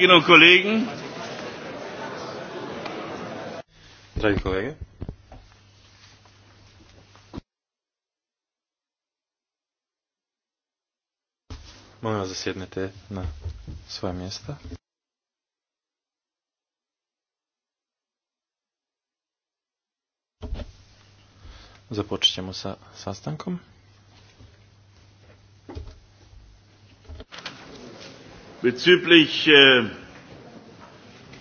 Kolleginnen und Kollegen. Dragi kolege. Molim vas da na svoje mjesta. Započet ćemo sa sastankom. Bezüglich äh,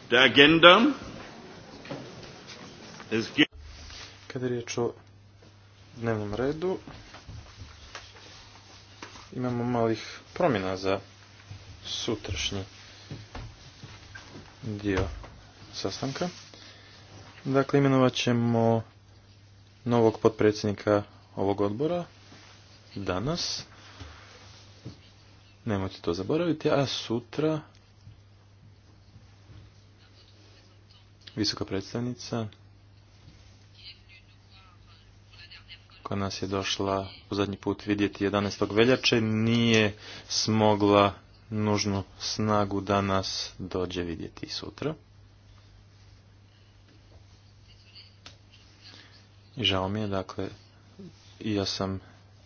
der Agenda, es gibt... Kada je riječ o dnevnom redu, imamo malih promjena za sutrašnji dio sastanka. Dakle, imenovat ćemo novog potpredsjednika ovog odbora danas, Nemojte to zaboraviti, a sutra visoka predstavnica koja nas je došla u zadnji put vidjeti 11. veljače nije smogla nužnu snagu da nas dođe vidjeti sutra. I žao mi je, dakle, ja sam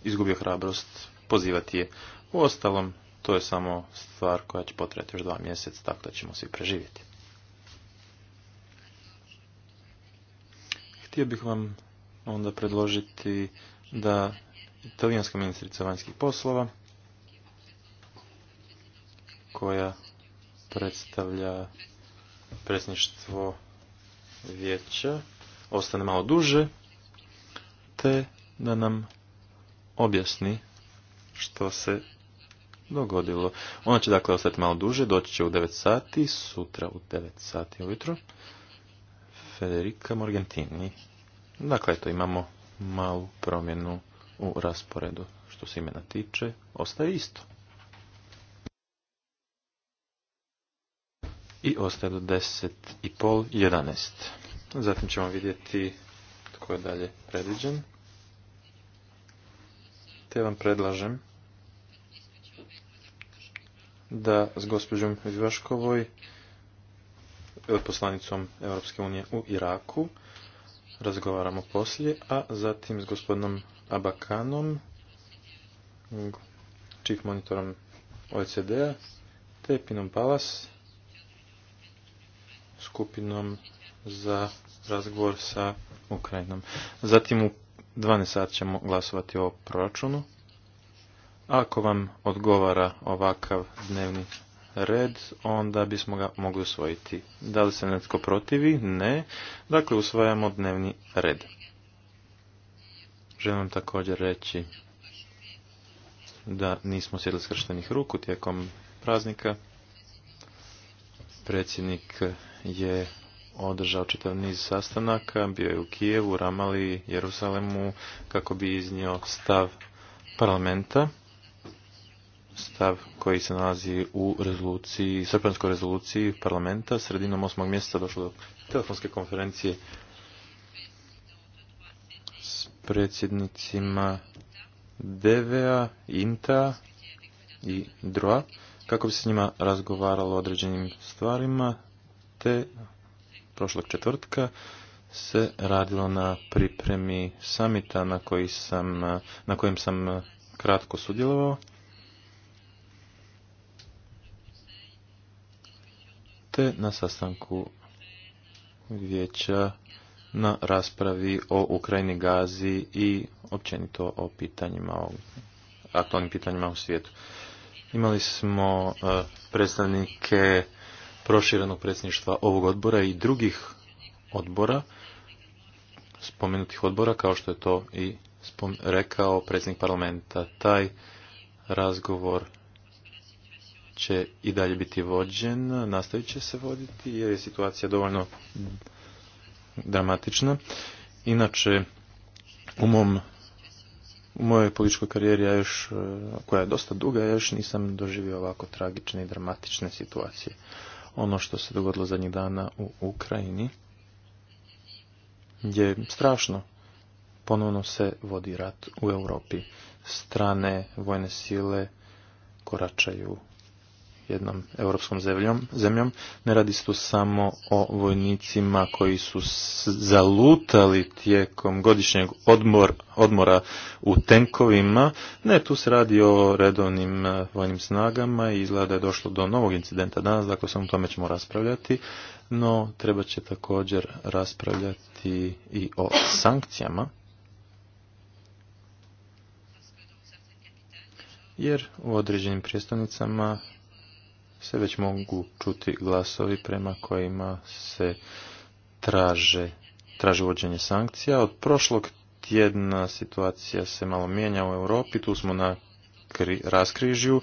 izgubio hrabrost pozivati je. U ostalom, to je samo stvar koja će potrebati još dva mjeseca, tako da ćemo svi preživjeti. Htio bih vam onda predložiti da italijanska ministrica vanjskih poslova, koja predstavlja predsjedništvo vijeća, ostane malo duže, te da nam objasni što se dogodilo. Ona će dakle ostati malo duže, doći će u 9 sati, sutra u 9 sati ujutro. Federica Morgentini. Dakle, to imamo malu promjenu u rasporedu. Što se imena tiče, ostaje isto. I ostaje do 10 i pol, 11. Zatim ćemo vidjeti tko je dalje predviđen. Te vam predlažem da s gospođom Vivaškovoj, eh, poslanicom Europske unije u Iraku, razgovaramo poslije, a zatim s gospodinom Abakanom, chief monitorom OECD-a, te Pinom Palas, skupinom za razgovor sa Ukrajinom. Zatim u 12 sat ćemo glasovati o proračunu. Ako vam odgovara ovakav dnevni red, onda bismo ga mogli usvojiti. Da li se netko protivi? Ne. Dakle, usvajamo dnevni red. Želim također reći da nismo sjedli skrštenih ruku tijekom praznika. Predsjednik je održao čitav niz sastanaka, bio je u Kijevu, Ramali, Jerusalemu, kako bi iznio stav parlamenta stav koji se nalazi u rezoluciji, srpanskoj rezoluciji parlamenta. Sredinom osmog mjeseca došlo do telefonske konferencije s predsjednicima DVA, INTA i DROA kako bi se s njima razgovaralo o određenim stvarima te prošlog četvrtka se radilo na pripremi samita na, koji sam, na kojem sam kratko sudjelovao. te na sastanku vijeća na raspravi o Ukrajini, Gazi i općenito o pitanjima, o aktualnim pitanjima u svijetu. Imali smo e, predstavnike proširenog predsjedništva ovog odbora i drugih odbora, spomenutih odbora, kao što je to i rekao predsjednik parlamenta. Taj razgovor će i dalje biti vođen, nastavit će se voditi jer je situacija dovoljno dramatična. Inače, u mom u mojoj političkoj karijeri još, e, koja je dosta duga, ja još nisam doživio ovako tragične i dramatične situacije. Ono što se dogodilo zadnjih dana u Ukrajini je strašno. Ponovno se vodi rat u Europi. Strane vojne sile koračaju jednom europskom zemljom, Ne radi se tu samo o vojnicima koji su zalutali tijekom godišnjeg odmora u tenkovima. Ne, tu se radi o redovnim eh, vojnim snagama i izgleda je došlo do novog incidenta danas, dakle samo tome ćemo raspravljati. No, treba će također raspravljati i o sankcijama. jer u određenim prijestolnicama se već mogu čuti glasovi prema kojima se traže, traži uvođenje sankcija. Od prošlog tjedna situacija se malo mijenja u Europi, tu smo na kri, raskrižju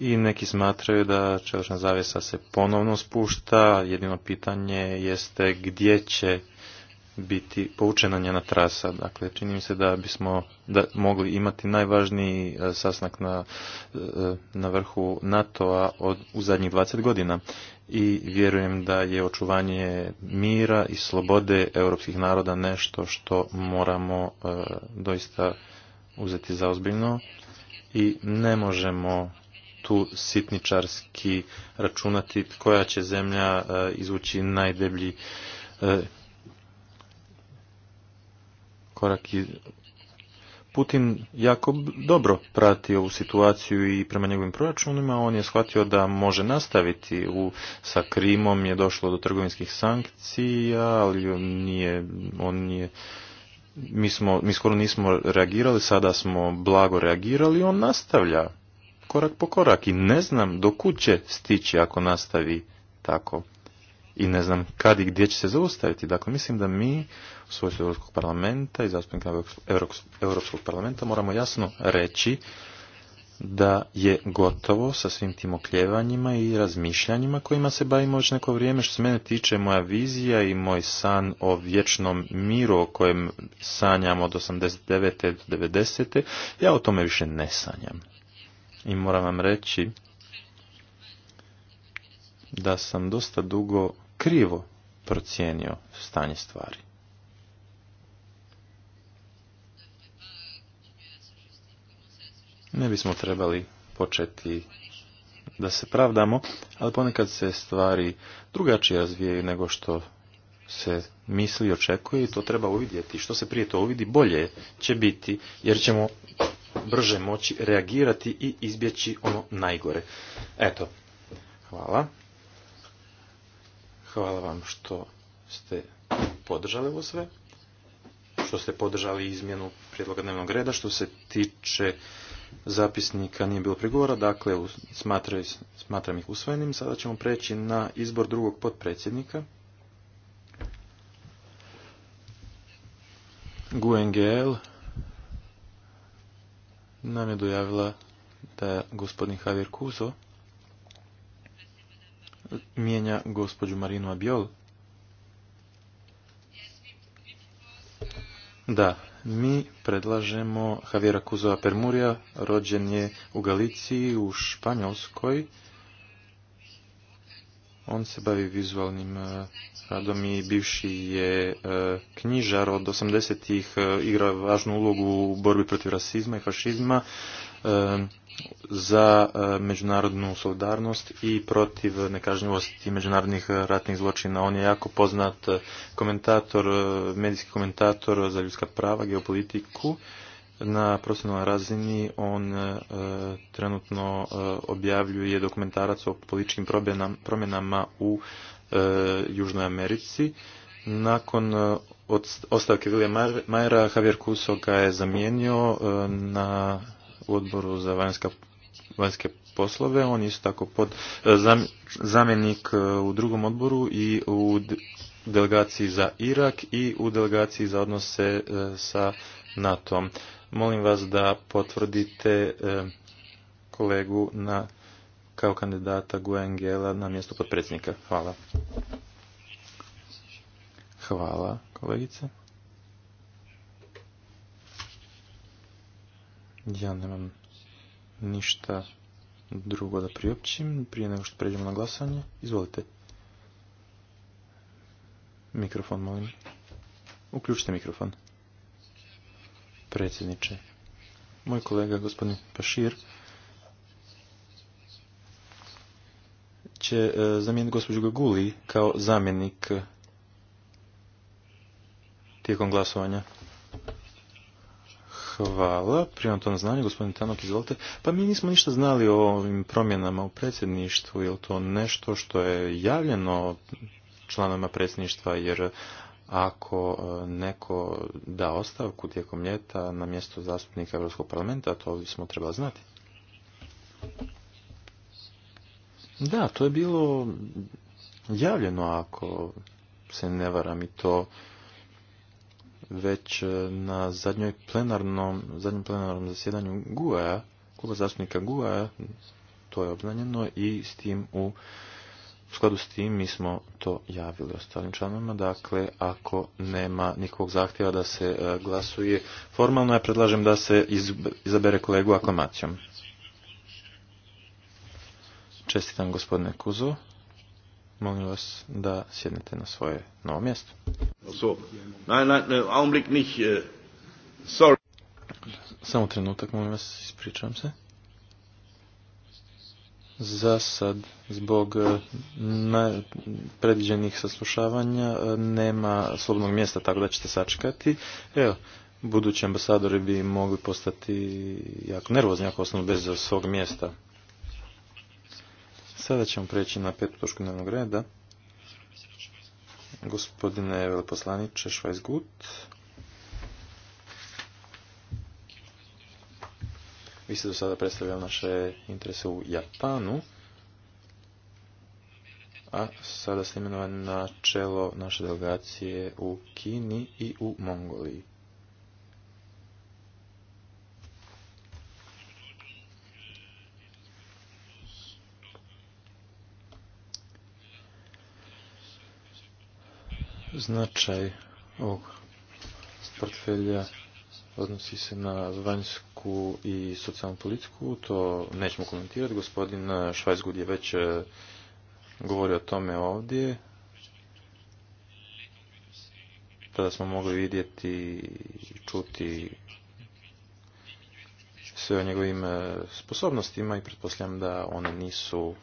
i neki smatraju da čelična zavjesa se ponovno spušta. Jedino pitanje jeste gdje će biti poučena njena trasa. Dakle, čini mi se da bismo da mogli imati najvažniji e, sasnak na, e, na vrhu NATO-a u zadnjih 20 godina. I vjerujem da je očuvanje mira i slobode europskih naroda nešto što moramo e, doista uzeti za ozbiljno i ne možemo tu sitničarski računati koja će zemlja izvući najdeblji korak iz... Putin jako dobro prati ovu situaciju i prema njegovim proračunima. On je shvatio da može nastaviti. U, sa Krimom je došlo do trgovinskih sankcija, ali on nije, on nije mi, smo, mi skoro nismo reagirali, sada smo blago reagirali, on nastavlja korak po korak i ne znam do kud će stići ako nastavi tako i ne znam kad i gdje će se zaustaviti. Dakle, mislim da mi u svojstvu Europskog parlamenta i zastupnika Europskog parlamenta moramo jasno reći da je gotovo sa svim tim okljevanjima i razmišljanjima kojima se bavimo već neko vrijeme. Što se mene tiče, moja vizija i moj san o vječnom miru o kojem sanjam od 89. do 90. ja o tome više ne sanjam. I moram vam reći da sam dosta dugo krivo procijenio stanje stvari. Ne bismo trebali početi da se pravdamo, ali ponekad se stvari drugačije razvijaju nego što se misli i očekuje i to treba uvidjeti. Što se prije to uvidi, bolje će biti, jer ćemo brže moći reagirati i izbjeći ono najgore. Eto, hvala. Hvala vam što ste podržali ovo sve, što ste podržali izmjenu prijedloga dnevnog reda, što se tiče zapisnika nije bilo prigovora, dakle smatram ih usvojenim. Sada ćemo preći na izbor drugog potpredsjednika. GUNGL nam je dojavila da je gospodin Javier Kuzo mijenja gospođu Marinu Abiol. Da, mi predlažemo Javiera Kuzova Permurija, rođen je u Galiciji, u Španjolskoj, on se bavi vizualnim e, radom i bivši je e, knjižar od 80-ih, e, igra važnu ulogu u borbi protiv rasizma i fašizma za međunarodnu solidarnost i protiv nekažnjivosti međunarodnih ratnih zločina. On je jako poznat komentator, medijski komentator za ljudska prava, geopolitiku na profesionalnoj razini on e, trenutno e, objavljuje dokumentarac o političkim promjenama u e, Južnoj Americi. Nakon ostavke Vilija Majera, Javier Kuso ga je zamijenio na odboru za vanjske poslove. On je isto tako pod, zamjenik u drugom odboru i u delegaciji za Irak i u delegaciji za odnose sa na tom. Molim vas da potvrdite e, kolegu na, kao kandidata Guengela na mjesto potpredsjednika. Hvala. Hvala, kolegice. Ja nemam ništa drugo da priopćim prije nego što pređemo na glasanje. Izvolite. Mikrofon, molim. Uključite mikrofon predsjedniče. Moj kolega, gospodin Pašir, će e, zamijeniti gospođu Gaguli kao zamjenik tijekom glasovanja. Hvala. Primam to na znanje, gospodin Tanok, izvolite. Pa mi nismo ništa znali o ovim promjenama u predsjedništvu, je li to nešto što je javljeno članovima predsjedništva, jer ako e, neko da ostavku tijekom ljeta na mjesto zastupnika Europskog parlamenta, to bismo trebali znati. Da, to je bilo javljeno ako se ne varam i to već e, na zadnjoj plenarnom, zadnjem plenarnom zasjedanju GUA, kluba zastupnika GUA, to je obznanjeno i s tim u u skladu s tim mi smo to javili ostalim članovima, dakle ako nema nikog zahtjeva da se e, glasuje formalno, ja predlažem da se izabere kolegu aklamacijom. Čestitam gospodine Kuzu, molim vas da sjednete na svoje novo mjesto. Äh, Samo trenutak, molim vas, ispričavam se. Za sad, zbog e, predviđenih saslušavanja, e, nema slobodnog mjesta, tako da ćete sačekati. Evo, budući ambasadori bi mogli postati jako nervozni, ako osnovno bez svog mjesta. Sada ćemo preći na petu točku dnevnog reda. Gospodine veleposlaniče Švajzgut. Vi ste do sada predstavljali naše interese u Japanu, a sada se imenovani na čelo naše delegacije u Kini i u Mongoliji. Značaj ovog portfelja odnosi se na vanjsku i socijalnu politiku, to nećemo komentirati. Gospodin e, Švajzgud je već e, govorio o tome ovdje. Tada smo mogli vidjeti i čuti sve o njegovim e, sposobnostima i pretpostavljam da one nisu